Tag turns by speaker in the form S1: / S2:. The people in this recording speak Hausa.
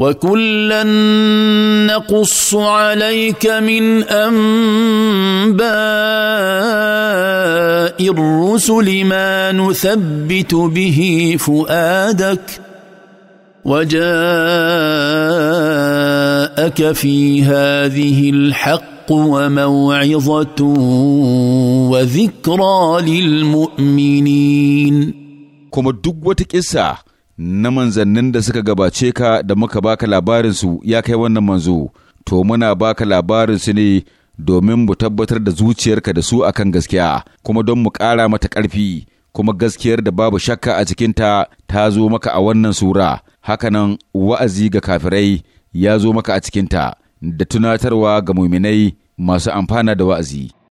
S1: وكلا نقص عليك من انباء الرسل ما نثبت به فؤادك وجاءك في هذه الحق وموعظه وذكرى للمؤمنين
S2: كما دك وتكسه na manzannin da suka gabace ka da muka baka labarinsu ya kai wannan manzo, to muna baka labarinsu ne domin mu tabbatar da zuciyarka da su akan gaskiya, kuma don mu ƙara mata ƙarfi, kuma gaskiyar da babu shakka a cikinta ta zo maka a wannan sura, hakanan wa'azi ga kafirai ya zo maka a cikinta, da tunatarwa ga muminai masu
S3: amfana da wa'azi.